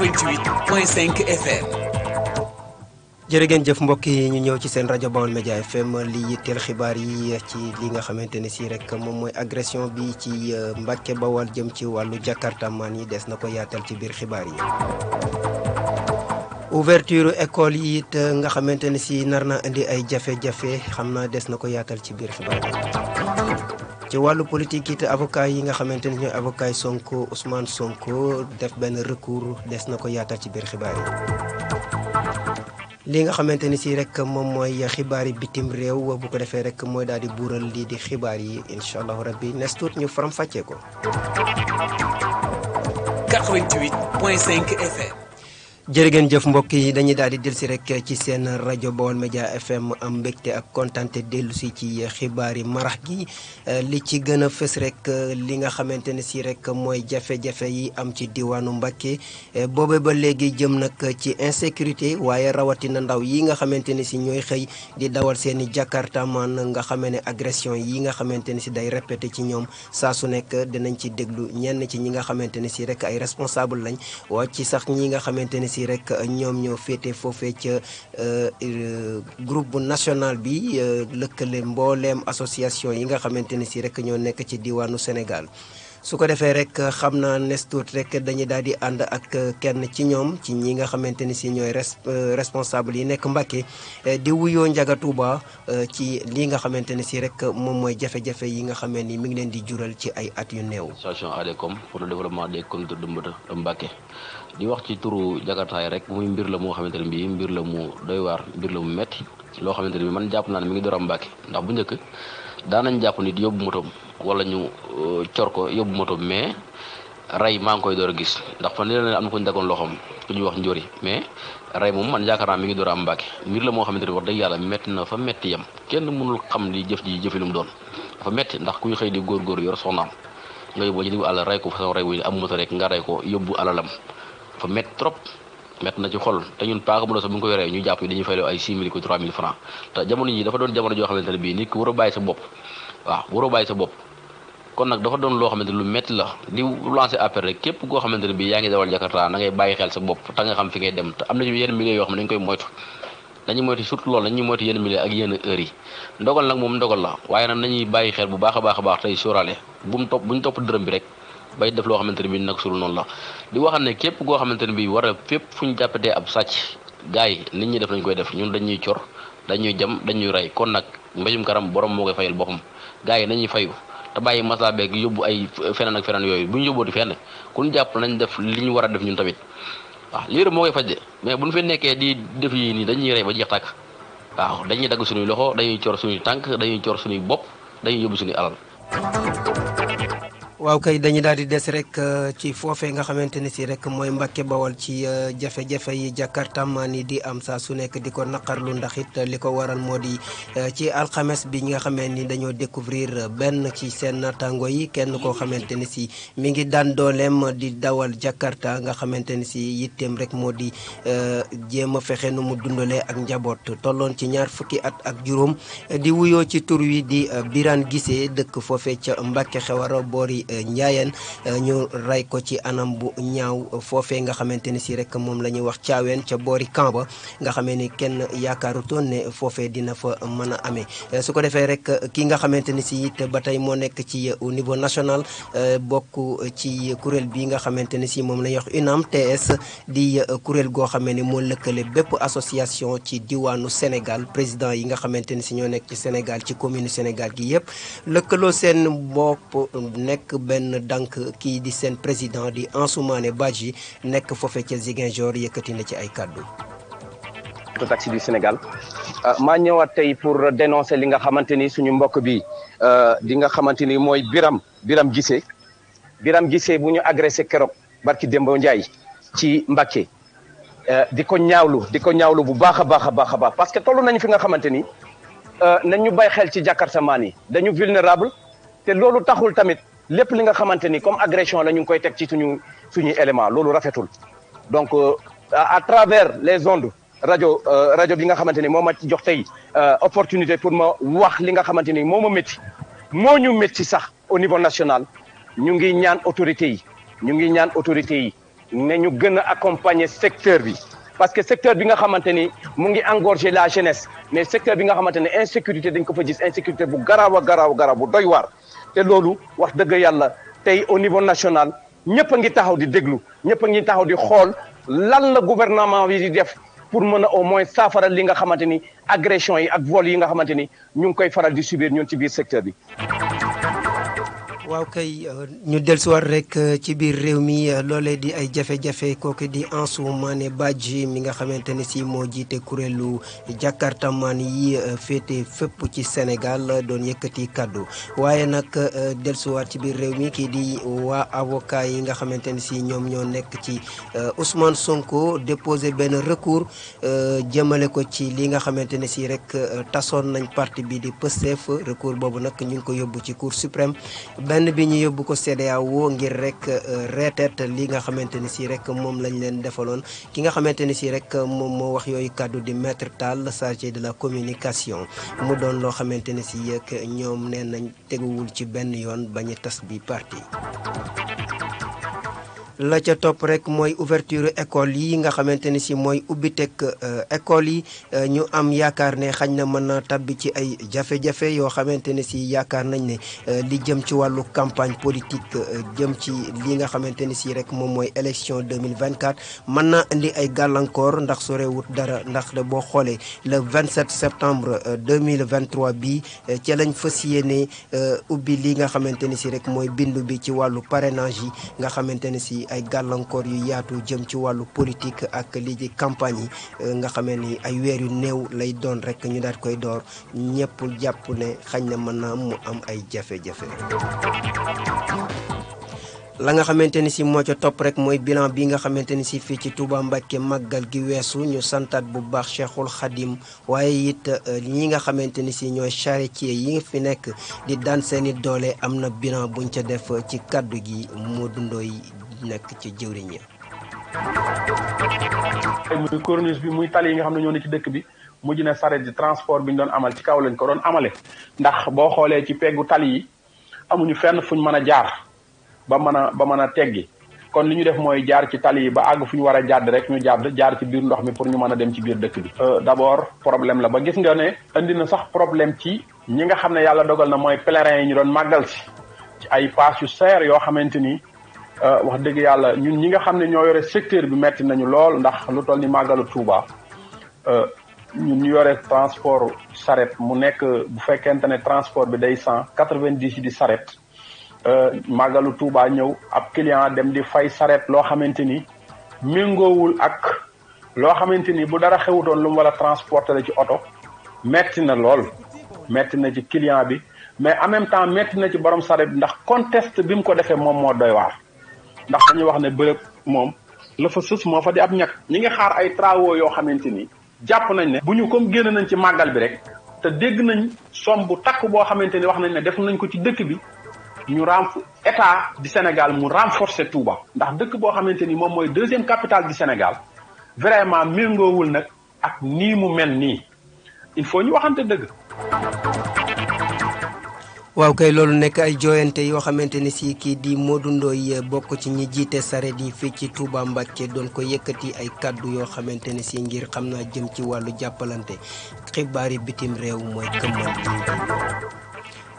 88.5 FM. jëf mbokk yi ñu ñëw ci seen rajo Baol Média FM li yitteel xibaar yi ci li nga xamante ne si rek moom mooy agression bi ci euh, Mbàkke Bawal jëm ci wàllu jakartamaan yi des na ko yaatal ci biir xibaar yi. ouverture école yi it euh, nga xamante ne si nar naa indi ay jafe-jafe xam naa des na ko yaatal ci biir xibaar yi. ci wàllu politique te avocat yi nga xamante ni ñooy avocat yi Sonko Ousmane Sonko def benn recours des na ko yaatal ci biir xibaar yi. li nga xamante ni si rek moom mooy xibaar yi bitim réew bu ko defee rek mooy daal di buural lii di xibaar yi incha allahu rabbi nes tuut ñu faram fàccee ko. FM. jërëgeen jëf mbokk yi dañuy daal di dellusi rek ci seen rajo Baol Média FM am mbégte ak kontante dellusi ci xibaar yi marax gi li ci gën a fës rek li nga xamante ne si rek mooy jafe yi am ci diwaanu Mbacké boobe ba léegi jëm nag ci insécurité waaye rawatina ndaw yi nga xamante ne si ñooy xëy di dawal seen i jakartaman nga xamee ne agression yi nga xamante ne si day répété ci ñoom saa su nekk dinañ ci déglu ñenn ci ñi nga xamante ne si rek ay responsable lañ waa ci sax ñi nga xamante si si rek ñoom ñoo féete foofee ca euh, euh, groupe bu national bi euh, lëkkale mbooleem association yi nga xamante ne si rek ñoo nekk ci diwaanu Sénégal. su ko defee rek euh, xam naa nes tuuti rek dañuy daal di ànd ak euh, kenn ci ñoom ci ñi nga xamante ni si ñooy euh, responsable yi nekk Mbacké di wuyoo Ndiaga Touba ci lii nga xamante ne si rek moom mooy jafe-jafe yi nga xamee ni mi ngi leen di jural ci ay at yu néew. station ADECOM pour le développement des communautés de Mbacké di wax ci turu jakartaay rek muy mbir la moo xamante ne bii mbir la mu doy waar mbir la mu metti loo xamante ne bii man jàpp naa ne mi ngi door a ndax bu njëkk daanañ jàpp nit yóbbu motoom wala ñu euh, cor ko yóbbu moto mais rey maa ngi koy door a gis ndax fan yii am na ku ñu daggoon loxoom ku ñuy wax njori mais rey moom man yaakaar naa mi ngi door a am mbàkke la moo xamante ne wax dëgg yàlla na fa metti yem kenn mënul xam li jëf ji jëfe lu mu doon dafa metti ndax kuy xëy di góorgóor yor soxnaam nga yóbbu ci diggu àll rey ko façon rey wu am moto rek nga rey ko yóbbu alalam dafa metti trop mett na ci xol te ñun paaka mu ne sax bu ñu ko yoree ñu jàpp ñu dañuy fayloo ay 6 000 ko 3 000 francs te jamono ji dafa doon jamono joo xamante ne bii nit ki war a bàyyi sa bopp waaw war a bàyyi sa bopp kon nag dafa doon loo xamante lu métti la di lancé appel rek képp koo xamante ne bii yaa ngi dawal Jakarta na ngay bàyyi xel sa bopp te nga xam fi ngay dem te am na ci yenn milieu yoo xam ne dañ koy moytu dañuy moytu surtout loolu dañuy moytu yenn milieu ak yenn heures yi ndogal nag moom ndogal la waaye bàyyi xel bu baax a baax a baax tey sóoraale bu topp bu bi rek bay def loo xamante ne bii nag sul noonu la di wax ne képp koo xamante ne bii war a fépp fu ñu jàppatee ab sàcc gars yi nit ñi def nañ koy def ñun dañuy cor dañuy jam dañuy rey kon nag mbéjum karam borom moo koy fayal boppam gars yi nañuy fayu te bàyyi maslaa beeg yóbbu ay feneen ak feneen yooyu bu ñu yóbbooti fenn ku jàpp nañ def li ñu war a def ñun tamit waaw lii rek moo koy faj de mais bu ñu fi nekkee di def yi nii dañuy rey ba jeex tàkk waaw dañuy dagg suñuy loxo dañuy cor suñuy tànk dañuy cor suñuy bopp dañ yóbbu suñuy alal waaw kay dañu daal di des rek euh, ci foofee nga xamante ne si rek mooy Mbàkke Bawol ci euh, jafe-jafe yi jàkkaartamaan yi di am saa su nekk di ko naqarlu ndax it li ko waral moo di euh, ci alxames bi ñi nga xamee ni dañoo découvrir benn ci seen naataango yi kenn koo xamante ne si mi ngi daan dooleem di dawal Jakarta nga xamante ne si yitteem rek moo di jéem a fexe nu mu dundalee ak njaboot tolloon ci ñaar fukki at ak juróom di wuyoo ci tur wi di Birane gisee dëkk foofee ca Mbàkke Xewar Ndiayène ñu rey ko ci anam bu ñaaw foofee nga xamante ni si rek moom la ñuy wax caaween ca boori camp ba nga xamee ni kenn yaakaarutoon ne foofee dina fa mën a amee su ko defee rek ki nga xamante ni si it ba tey moo nekk ci au niveau national bokk ci kuréel bi nga xamante ni si moom la wax wax UNAM TS di kuréel goo xamee ni moo lëkkale bépp association ci diwaanu Sénégal président yi nga xamante ni si ñoo nekk ci Sénégal ci commune Sénégal gi yëpp lëkkaloo seen bopp benn dànk kii di seen président di Ansoumane Badji nekk foofe ca Ziguinchor yëkkati na ci ay kàddu. taxi du ah, maa ñëwaat tey pour dénoncer li nga xamante ni suñu mbokk bi ah, di nga xamante ni mooy Biram Biram Gisee Biram Gisee bu ñu agressé keroog barki Demba Ndiaye ci Mbacké ah, di ko ñaawlu di ko ñaawlu bu baax a baax a baax a baax parce que toll nañ fi nga xamante ni nañ ñu bàyyi xel ci jàkkaartamaan yi dañu vulnérable te loolu taxul tamit lépp li nga xamante ni comme agression la ñu ngi koy teg ci suñu suñuy élément loolu rafetul donc euh, à travers les zones rajo euh, rajo bi nga xamante ni moo ma ci jox tey euh, opportunité pour ma wax li nga xamante ni moo ma métti moo ñu métti sax au niveau national ñu ngi ñaan autorités yi ñu ngi ñaan autorités yi ne ñu gën a accompagner secteur bi parce que secteur bi nga xamante ni mu ngi engorger la jeunesse mais secteur bi nga xamante ne insécurité dañ ko fa gis insécurité bu garaaw a garaaw garaaw bu doy waar te loolu wax dëgg yàlla tey au niveau national ñëpp ngi taxaw di déglu ñëpp a taxaw di xool lan la gouvernement bi di def pour mën a au moins saafara li nga xamante ni agression yi ak vol yi nga xamante ni ñu ngi koy faral di subir ñun ci biir secteur bi. waaw kay euh, ñu dellusiwaat rek euh, ci biir réew mi euh, loole di ay jafe-jafe kooku di Ansou Mané Badji mi nga xamante ne si moo jiite kuréelu jàkkaartamaan yi féete fépp ci Sénégal doon yëkkati kàddu waaye nag dellusiwaat ci biir réew mi kii di waa avocat yi nga xamante ne si ñoom ñoo nekk ci Ousmane Sonko déposé benn recours jëmale ko ci li nga xamante ne si rek tasoon nañ parti bi di Pastef recours boobu nag ñu ngi ko yóbbu ci Cour suprême. benn bi ñu yóbbu ko CEDEAO ngir rek euh, reeteet li nga xamante ni si rek moom lañ leen defaloon ki nga xamante ni si rek moom moo wax yooyu kàddu di maître Tall chargé de la communication mu doon loo xamante ni si yëg ñoom nee nañ teguwul ci benn yoon bañu tas bi parti la ca topp rek mooy ouverture école yi nga xamante ni si mooy ubbiteg euh, école yi euh, ñu am yaakaar ne xañ na mën na tabbi ci ay jafe-jafe yoo xamante ne si yaakaar nañ ne euh, li jëm ci wàllu campagne politique jëm ci li nga xamante ni si rek moom mooy élection 2024 mën na indi ay gàllankoor ndax sorewut dara ndax boo xoolee le 27 septembre 2023 bi ca lañ fas yéene ubbi li nga xamante ni si rek mooy bindu bi ci wàllu parrainage yi nga xamante si ay gàllankoor yu yaatu jëm ci wàllu politique ak lii di campagne yi eh, nga xamee ni ay weer yu néew lay doon rek ñu daal koy door ñëpp jàpp ne xañ na mën na mu am ay jafe-jafe. la nga xamante ni si moo ca topp rek mooy bilan bi nga xamante ni si fii ci Touba Mbacke màggal gi weesu ñu santaat bu baax Cheikhul Khadim waaye it eh, ñi nga xamante ni si ñooy charretier yi fi nekk di daan seeni doole am na bilan buñ ca def ci kàddu gi moo dundooy nekk ci jëwriñ ya muy corniche bi muy tali yi nga xam ne ñoo ne ci dëkk bi mujj na saret di transport bi ñu doon amal ci kaw lañ ko doon amale ndax boo xoolee ci peegu tali yi amuñu fenn fuñ mën a jaar ba mën a ba mën a teggi kon li ñu def mooy jaar ci tali yi ba àgg fu ñu war a jàdd rek ñu jàdd jaar ci biir ndox mi pour ñu mën a dem ci biir dëkk bi euh, d'abord problème la ba gis nga ne indi na sax problème ci ñi nga xam ne yàlla dogal na mooy pèlerin yi ñu doon màggal si yoo xamante ni Euh, wax dëgg yàlla ñun ñi nga xam ne ñoo yore secteur bi metti nañu lool ndax lu toll ni màggalu Touba euh, ñun ñu yore transport saret mu nekk bu fekkente ne transport bi day cent quatre-vingt-dix di saret euh, màggalu Touba ñëw ab client dem di fay saret loo xamante ni méngoowul ak loo xamante ni bu dara xewutoon lu mu war a transporter la ci oto metti na lool metti na ci client bi mais en même temps metti na ci borom saret ndax contexte bi mu ko defee moom moo doy waar ndax dañuy wax ne bërëb moom la fa sës moo fa di ab ñàkk ñi ngi xaar ay travaux yoo xamante ni jàpp nañ ne bu ñu comme génn nañ ci màggal bi rek te dégg nañ somme bu takk boo xamante ni wax nañ ne def nañ ko ci dëkk bi ñu renf état di Sénégal mu renforcer Touba ndax dëkk boo xamante ni moom mooy deuxième capital du Sénégal vraiment méngoowul nag ak nii mu mel nii il faut ñu waxante dëgg waaw kay loolu nekk ay jooyante yoo xamante ni si kii di moo dundoo Ndoye eh, bokk ci ñi jiite saret yi fii ci Touba Mbacké doon ko yëkkati ay kàddu yoo xamante ni si ngir xam naa jëm ci wàllu jàppalante xibaari bitim réew mooy këmmal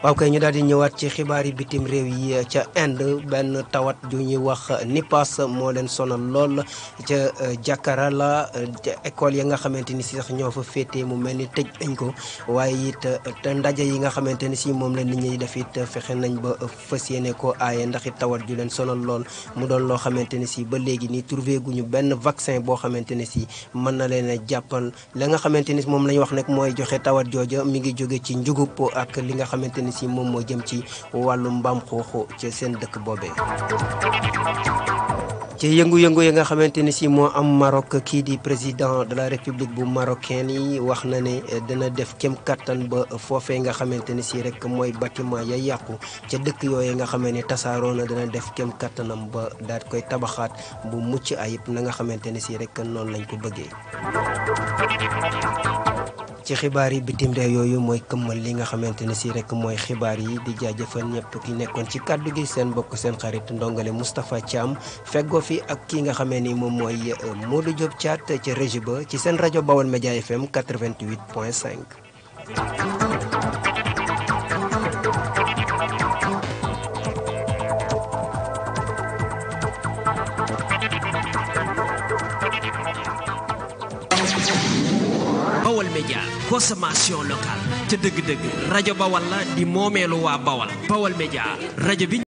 waaw kay ñu daal di ñëwaat ci xibaar yi bitim réew yi ca Inde benn tawat ju ñuy wax nipas moo leen sonal lool ca euh, Jakarta euh, ca école ya nga xamante ni si sax ñoo fa féetee mu mel ni tëj nañ ko waaye it euh, ndaje yi nga xamante ni si moom la nit def it fexe nañ ba fas yéene ko aaye ndax it tawat ju leen sonal lool mu doon loo xamante ne si ba léegi nii trouvé guñu benn vaccin boo xamante ne si mën na leen jàppal la nga xamante ni moom la ñu wax nag mooy joxe tawat jooja mi ngi jóge ci njugub ak li nga xamante ne moom moo jëm ci wàllu mbaam ca seen dëkk boobee. ci yëngu-yëngu yi nga xamante ni si moo am marok kii di président de la république bu marocain yi wax na ne dina def kem kàttan ba foofee nga xamante ni si rek mooy bâtiment ya yàqu ca dëkk yooyu nga xame ne tasaaroo na dina def kem kattanam ba daat koy tabaxaat bu mucc ayib na nga xamante ni si rek noonu lañ ko bëggee. ci xibaar yi bitim réew yooyu mooy këmmal li nga xamante ne si rek mooy xibaar yi di jaajëfal ñëpp ki nekkoon ci kàddu gi seen bokk seen xarit ndongale Moustapha Thiam feggoo fi ak ki nga xamee ni moom mooy euh, Modou Diop Thiat ca régi ba ci seen rajo Baol Média FM 88 point 5. bawal média consommation locale ca dëgg-dëgg rajo bawal la di moomeelu waa bawal bawal média rajo bi